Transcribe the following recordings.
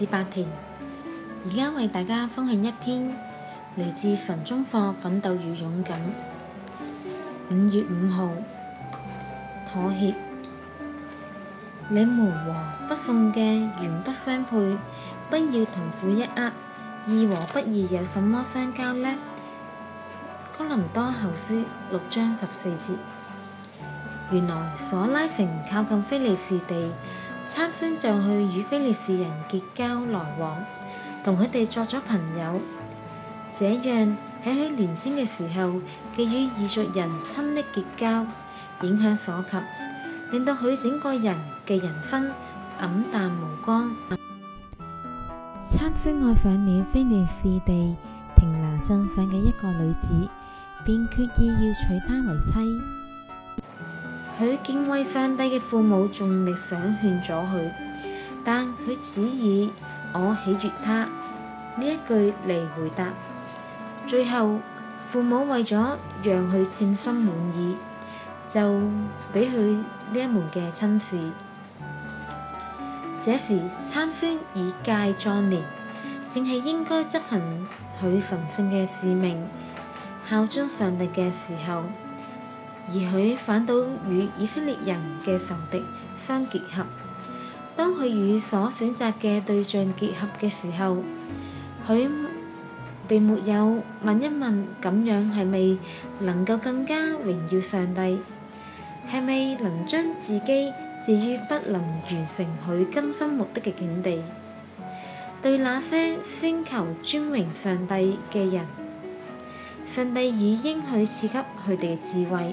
是白田，而家為大家分享一篇嚟自神中課《奮鬥與勇敢》五月五號妥協，你們和不信嘅原不相配，不要同負一軛，義和不義有什麼相交呢？哥林多後書六章十四節，原來所拉城靠近非利士地。參孫就去與非利士人結交來往，同佢哋作咗朋友。這樣喺佢年輕嘅時候，既與異族人親昵結交，影響所及，令到佢整個人嘅人生黯淡無光。參孫愛上了非利士地亭拿鎮上嘅一個女子，便決意要娶她為妻。佢敬畏上帝嘅父母盡力想勸咗佢，但佢只以我喜悅他呢一句嚟回答。最後，父母為咗讓佢稱心滿意，就俾佢呢一門嘅親事。這時，參孫已屆壯年，正係應該執行佢神聖嘅使命、效忠上帝嘅時候。而佢反倒與以色列人嘅仇敵相結合。當佢與所選擇嘅對象結合嘅時候，佢並沒有問一問咁樣係咪能夠更加榮耀上帝，係咪能將自己置於不能完成佢今生目的嘅境地？對那些先求尊榮上帝嘅人，上帝已應許賜給佢哋嘅智慧。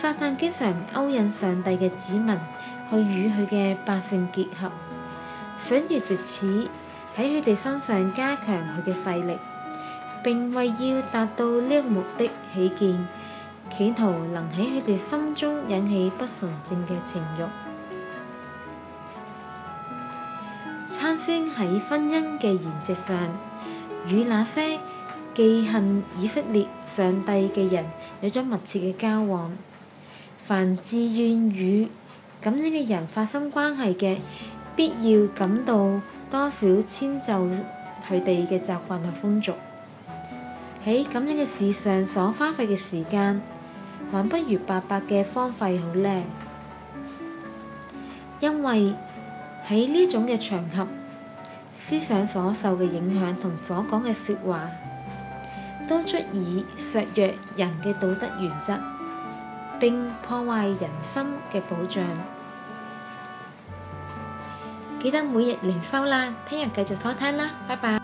撒旦經常勾引上帝嘅子民去與佢嘅百姓結合，想要借此喺佢哋身上加強佢嘅勢力。並為要達到呢個目的起見，企圖能喺佢哋心中引起不純正嘅情慾。參孫喺婚姻嘅筵席上，與那些忌恨以色列上帝嘅人有咗密切嘅交往。凡自願與咁樣嘅人發生關係嘅，必要感到多少遷就佢哋嘅習慣同風俗。喺咁樣嘅事上所花費嘅時間，還不如白白嘅荒廢好呢。因為喺呢種嘅場合，思想所受嘅影響同所講嘅説話，都足以削弱人嘅道德原則。並破壞人心嘅保障。記得每日靈修啦，聽日繼續收聽啦，拜拜。